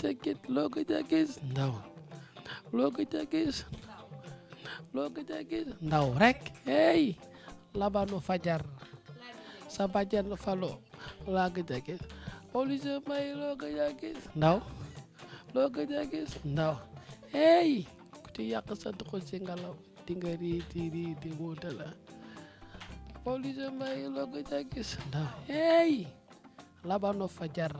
tekkit loo ko jàggis ndaw loo ko jàggis loo ndaw rek hey labanu fajar sa bàjjen falo laa ko jàggis olise may loo ko jàggis ndaw loo ko jàggis ndaw hey ku ci yàq sa duxul si ngelaw di nga riiti riiti wuute la may loo ko jàggis ndaw hey labanu fajar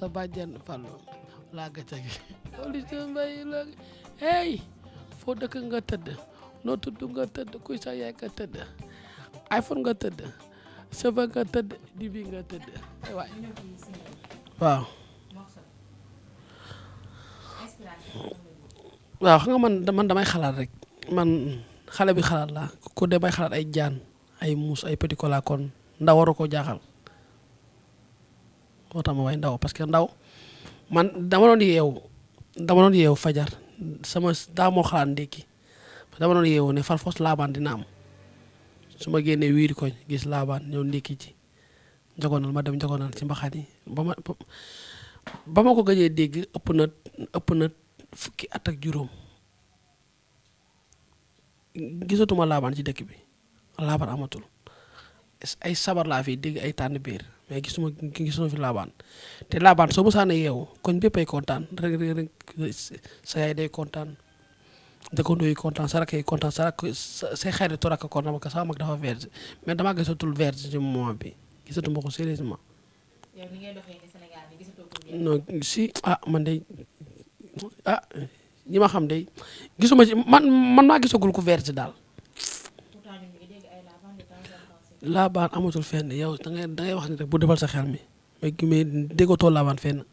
sabajan bàjjan Fallou laa ga tegi policier mbay la hey fo dëkk nga tëdd no tuddu nga tëdd kuy sa yaay nga tëdd iPhone nga tëdd sëfa nga tëdd dibi nga tëdd way waaw waaw xam nga man man damay xalaat rek man xale bi xalaat la ku bay xalaat ay jaan ay mus ay petit cola kon nda ko jaxal waxtama way ndaw parce que ndaw man dama don yew dama don yew fajar sama daa moo xalaat ki dama don yew ne farfos laban dina am suma gene génnee ko gis laban ñew ndiki ci jogonal ma dem jogonal ci mbaxani bama ba ko gaje deg ëpp na ëpp na fukki at ak juróom gisatuma ci dekk bi laban amatul ay sabar la fi deg ay tan biir mais gisuma gisuma fi laabaan te laabaan soo mosaan a yeewu koñ béppay kontaan rek rek rek sa yaay day kontaan dëkkandoo yi kontaan sa rakk yi kontaan sa rakk say xarit torak kontaan parce que sama mag dafa vierge mais damaa gisatul vierge ci bi gisatuma ko sérieusement. yow si ah man de ah ñi xam de gisuma ci man man maa gisagul ku vierge daal. laabaan amatul fenn yow da ngay wax ni rek bu defal sa xel mi mais mais déggatoo laabaan fenn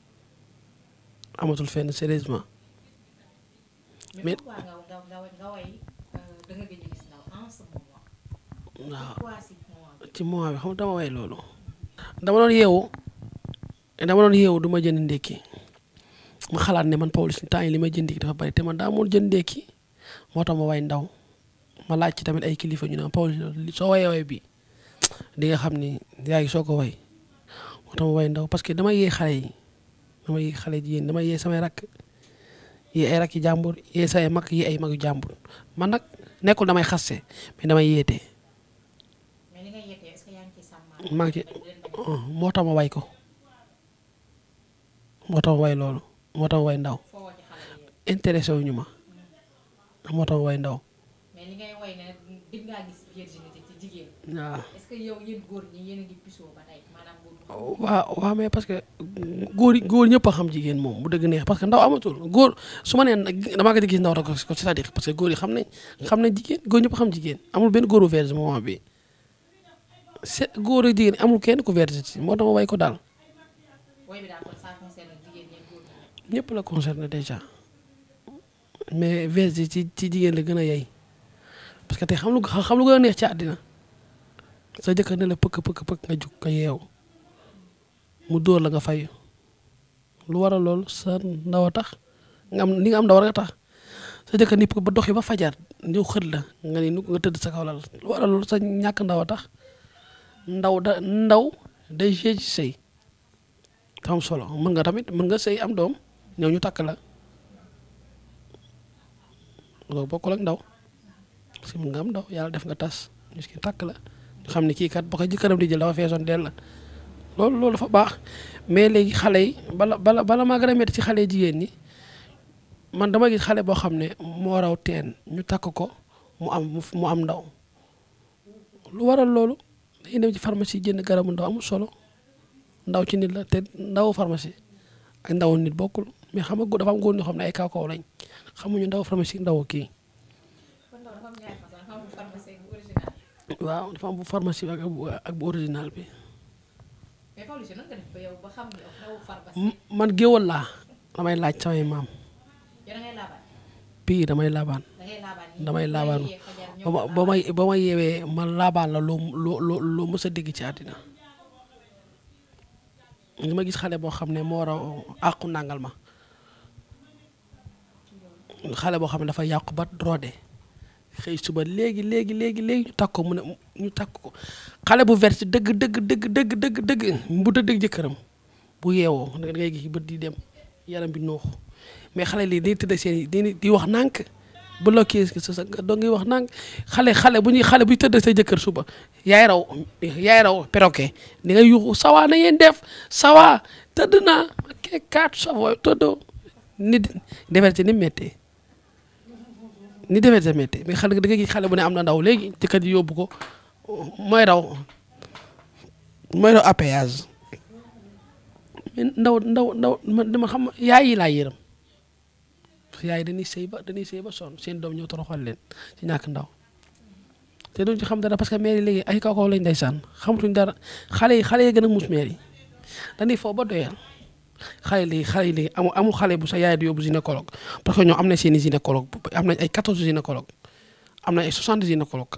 amatul fenn sérieusement. Euh, waaw ci mois bi xam dama way loolu. dama doon yeewu dama doon yeewu du ma jënd ndékki ma xalaat ne man Pawlish temps yi li ma jënd ndékki dafa bari te man daa moon jënd ndékki moo tax ma way ndaw ma laaj ci tamit ay kilifa ñu naan Pawlish soo wayee way bi di nga xam ni yaa ngi soo ko way moo tax ma way ndaw parce que damay yee xale yi dama yee xale yi yéen samay rakk yee ay rakk yi jàmbur yee say mag yee ay mag jàmbur man nag nekkul damay xaste mais damay yeete. mais li nga oh, moo tax ma way ko moo tax ma way loolu moo tax ma way ndaw intéressé wu ñu ma moo tax ma way ndaw. jigéen. waaw ah. est-ce que gor yéen góor ñëpp xam jigéen moom bu dëgg neex parce que ndaw amatul góor su ma nee damaa ko di gis ndaw rek c'est-à-dire parce que góor xam nañ xam nañ jigéen góor ñëpp a xam jigéen amul benn góoru vierge moment bi c'est góor ak jigéen amul kenn ku vierge ci moo tax ko dal way bi daal kon ça la concerne déjà mais vierge ci ci jigéen la gën a yey parce que tey xam lu xam lu neex ci àddina sa jëkkër ne la pëkk pëkk pëkk nga juk nga yeew mu dóor la nga fay lu wara loolu sa ndaw tax nga am li nga am ndaw rek tax sa jëkkër ni pëkk ba doxi ba fajar ñëw xët la nga ni nga tëdd sa kaw lal lu wara loolu sa ñàkk ndaw tax ndaw da ndaw day jé ci sey tam solo mën nga tamit mën nga sey am doom ñëw ñu takk la loolu bokkul ak ndaw si mën nga am ndaw yàlla def nga tas ñu takk la xam ne kii kat ba ko jëkkëram di jël dafa feesoon dell la loolu loolu fa baax mais léegi xale yi bala bala bala maa gën a ci xale yi jigéen ni man dama gis xale boo xam ne moo raw teen ñu takk ko mu am mu am ndaw lu waral loolu dañuy dem ci pharmacie jënd garabu ndaw amul solo ndaw ci nit la te ndaw pharmacie ak ndawu nit bokkul mais xam nga dafa am góor ñoo xam ne ay kaw kaw lañ xamuñu ndaw pharmacie ndaw kii waaw dafa am bu pharmacie bi ak bu ak bu bi. man géwal laa damay laaj samay maam. pii damay laabaan. damay laabaan ba may ba ma yeewee ma laabaan la loo loo loo mës dégg ci àddina. li ma gis xale boo xam ne moo war a àqu nangal ma xale boo xam ne dafa yàqu ba droodee. xëy suba léegi léegi léegi léegi ñu takk ko mu ne ñu takk ko xale bu vert dëgg dëgg dëgg dëgg dëgg dëgg bu dëgg jëkkëram bu yeewoo da ngay gis bët di dem yaram bi nuux mais xale lii day tëdd di wax nànk bu lokkee sa sa wax nànk xale xale bu ñuy xale buy tëdd sa jëkkër suba yaay raw yaay raw perroquet di ngay yuuxu sawa na ngeen def sawa tëdd naa ma kee kaat savo tëddoo nit ni mettee ni demee sa métti mais xale da nga gis xale bu ne am na ndaw léegi jëkkër ji yóbbu ko mooy raw mooy raw appayage ndaw ndaw ndaw man dama xam yaay yi laa yërëm yaay dañuy sëy ba dañuy sëy ba sonn seen doom ñëw toroxal leen ci ñàkk ndaw te duñ ci xam dara parce que mairie léegi ay kaw kaw lañ ndeysaan xamatuñ dara xale yi xale yi gën a muus mairie dañuy foo ba doyal xale léegi xale yi léegi amu amu xale bu sa yaay di yóbbu gynécologue parce que ñoo am na seen i gynécologue am nañ ay 14 gynécologue am na ay 60 gynécologue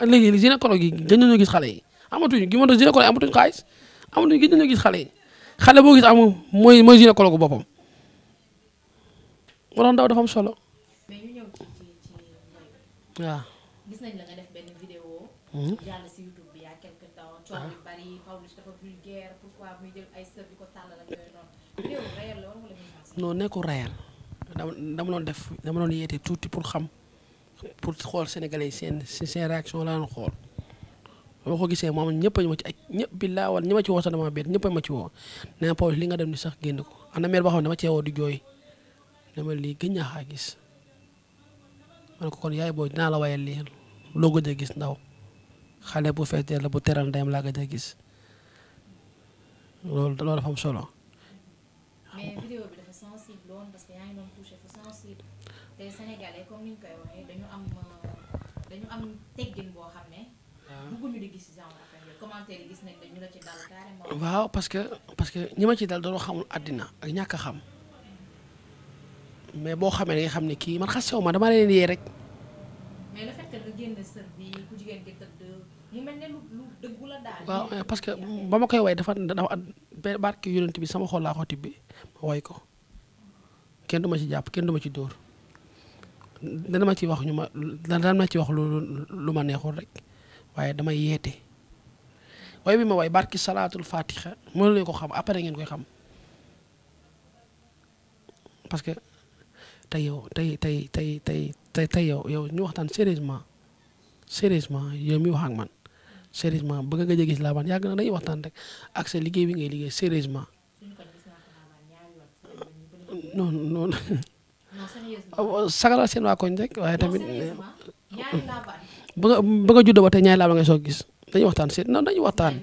léegi gynécologue yi gën nañoo gis xale yi amatuñu gi ma doon gynécologue amatuñu xaalis amatuñu gën nañoo gis xale yi xale boo gis amu mooy mooy gynécologue boppam moo tax ndaw dafa am solo gis nañ la nga def benn vidéo. Hmm? Ah. noonu. nekkul réel dama doon def dama doon yeete tuuti pour xam pour xool sénégalais yi seen seen réaction la doon xool. boo ko gisee moom ñëpp ñu ci ak ñëpp bi laa wala ma ci woo sax dama bett ñëpp ci woo nee na li nga dem ni sax génn ko am na mel boo xam ne dama cee di jooy dama lii gëj naa xaa gis man ko kon yaay booy dinaa la wayal lii loo gëj a gis ndaw xale bu fees dell bu teral ndeyam laa gëj a gis loolu dafa am solo. parce que euh, ah. waaw parce que ñi ma ci dal dañoo xamul àddina ak ñàkk a xam mais boo xamee nga xam ne kii man xasew ma dama leen yee rek. mais eh, que ba ma koy way dafa dafa barke yonent bi sama xol laa ko tibbi ma way ko kenn du ma ci jàpp kenn duma ci dóor dana ma ci wax ñu ma dana ma ci wax lu lu ma neexul rek waaye damay yeete way bi ma way barki salaatul fatiha mënu leen ko xam après ngeen koy xam que tey yow tey tey tey tey tey tey yow yow ñu waxtaan sérieusement sérieusement yow mi wax man sérieusement bëgg nga gis laa ban yàgg na dañuy waxtaan rek ak sa liggéey bi ngay liggéey sérieusement. non non. seen waa koñ rek waaye tamit. bëgg bëgg ba tey ñaari laa ba gis dañuy waxtaan séet non dañuy waxtaan.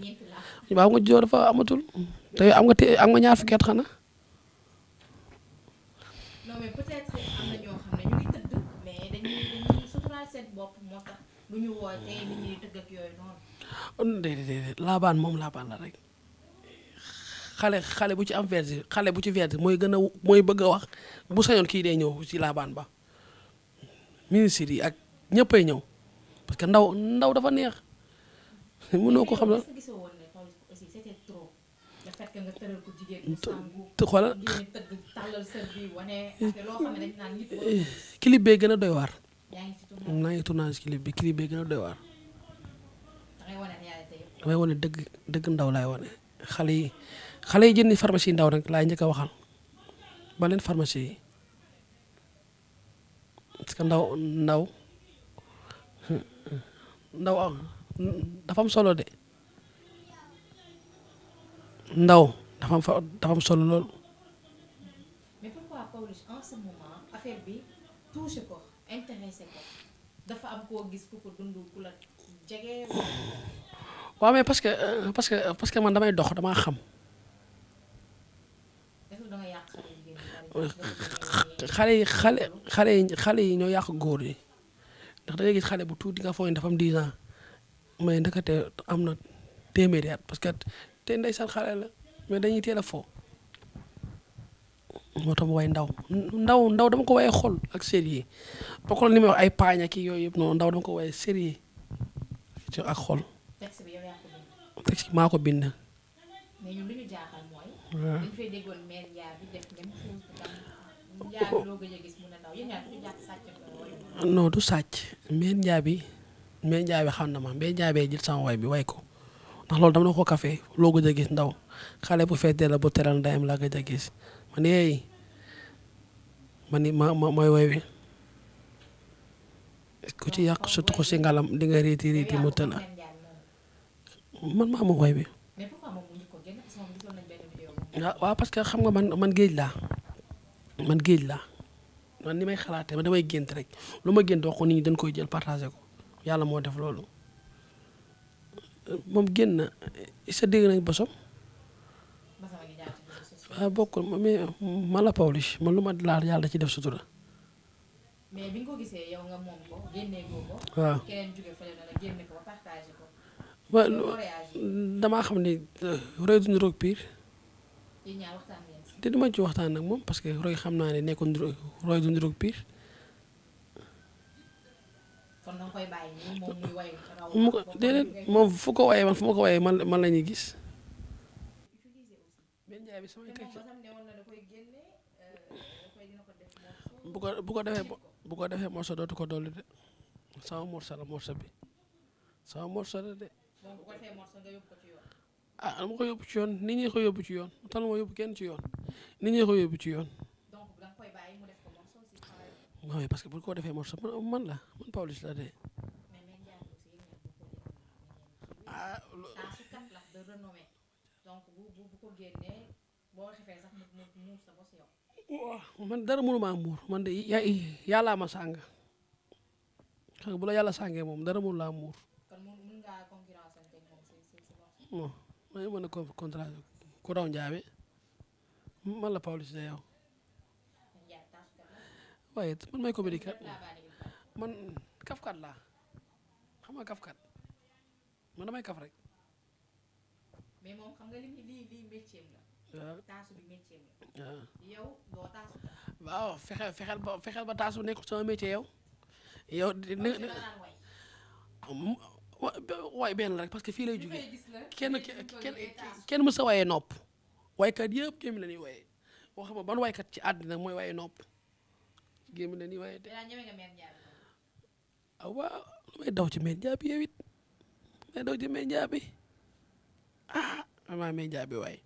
waaw nga juddoo dafa amatul te am nga ñaar fukki at bu ñu wootee ñuy tëgg oh, laabaan moom laabaan la rek xale xale bu ci am verge xale bu ci verge mooy gën a mooy bëgg a wax bu sañoon kii dee ñëw ci laabaan ba ministre yi ak ñëppay ñëw parce que ndaw ndaw dafa neex mënoo ko xam la. xoolal bee gën a doy waar maa ngi tournage clip bi clip bi gën a doy waar. wane dëgg dëgg ndaw laay wane xale yi yi jëndi pharmacie ndaw rek laay njëkk a waxal ba leen yi parce que ndaw ndaw ndaw am solo de ndaw am dafa am solo lool. mais pourquoi Pawlish en ce dafa am koo gis ku ko dund waaw mais parce que euh, parce que parce que man damay dox damaa xam. xale yi xale xale yi xale yi ñoo yàq góor yi ndax da ngay gis xale bu tuuti nga foog ne dafa am 10 mais ndekete am na téeméeri at parce que te ndeysaan xale la mais dañuy teel a foo moo tax ma way ndaw ndaw ndaw dama ko waye xol ak sérieux bokkul ni may wax ay paaña ki yooyu yëpp noonu ndaw dama ko waye sérieux ci bind. du sàcc ko. non du sàcc bi mère bi xam na ma mère Ndiaye jël sama way bi way ko ndax loolu dama ko café loo gëj gis ndaw xale bu fekkee la bu teral ndeyam laa gëj a mani ai mani ma ma moy way wi ko ci yak sut ko ci ngalam di nga reti reti mu tëna man ma moom way bi waaw parce que xam nga man man geej la man geej la man ni may xalaté ma damay gënt rek luma gënt waxu ko nit ñi dañ koy jël partager ko yalla mo def lolu mom génn sa dégg nañ bosom ah bokkul mais hmm, ma la Pawlish ma lu ma laal yàlla ci def sutura. bi nga ko gisee yow nga waaw damaa xam ni euh, roy du niroog pire. yéen ñaar waxtaan ci waxtaan nag moom parce que roy xam naa ne nekkul roy du niroog pire. mu ko déedéet moom fu ko waye man fu ma ko waye man man la ñuy gis. benn jaay bi samay kàcc euh, bu ko bu ko defee bu ko defee morso dootu ko dolli de sama morso la morso bi sama morso la de. ah dama ko yóbbu ci yoon nit ñi ko yóbbu ci yoon tal ma yóbbu kenn ci yoon nit ñi ko yóbbu ci yoon. waaw parce que bu ko defee morso man la man Pawlish la de. donc bu bu ko génnee man dara mënu maa muur man de yàllaa ma sàng xam bu la yàlla sàngee moom dara mënu laa muur. man mii mën a contrat ku raw man la Pawlish de yow. man may comédie man kafkat laa xam nga kafkat man damay kaf rek. mais moom xam nga li waaw ah. ah. yow doo taasu. waaw fexeel ba fexeel ba taasu nekkul sama métier yow. yow di benn la rek parce que fii lay jugee kenn kenn kenn mës a waayee nopp. waykat yëpp gémmi la ñuy waayee wax ma ban ci àddina mooy waayee nopp ah, waaw may daw ci média bi yow may daw ci média bi. I might make that be way.